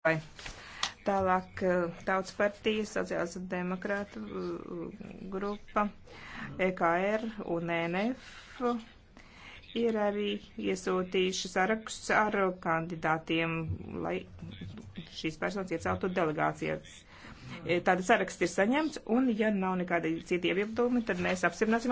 Vai. Tālāk eh, Tautas partija, sociāls demokrāta eh, grupa, EKR un NF ir arī iesūtījuši saraksts ar kandidātiem, lai šīs personas ieceltu delegācijas. Eh, Tāda saraksts ir saņemts, un ja nav nekāda cita iebildumi, tad mēs apstiprināsim.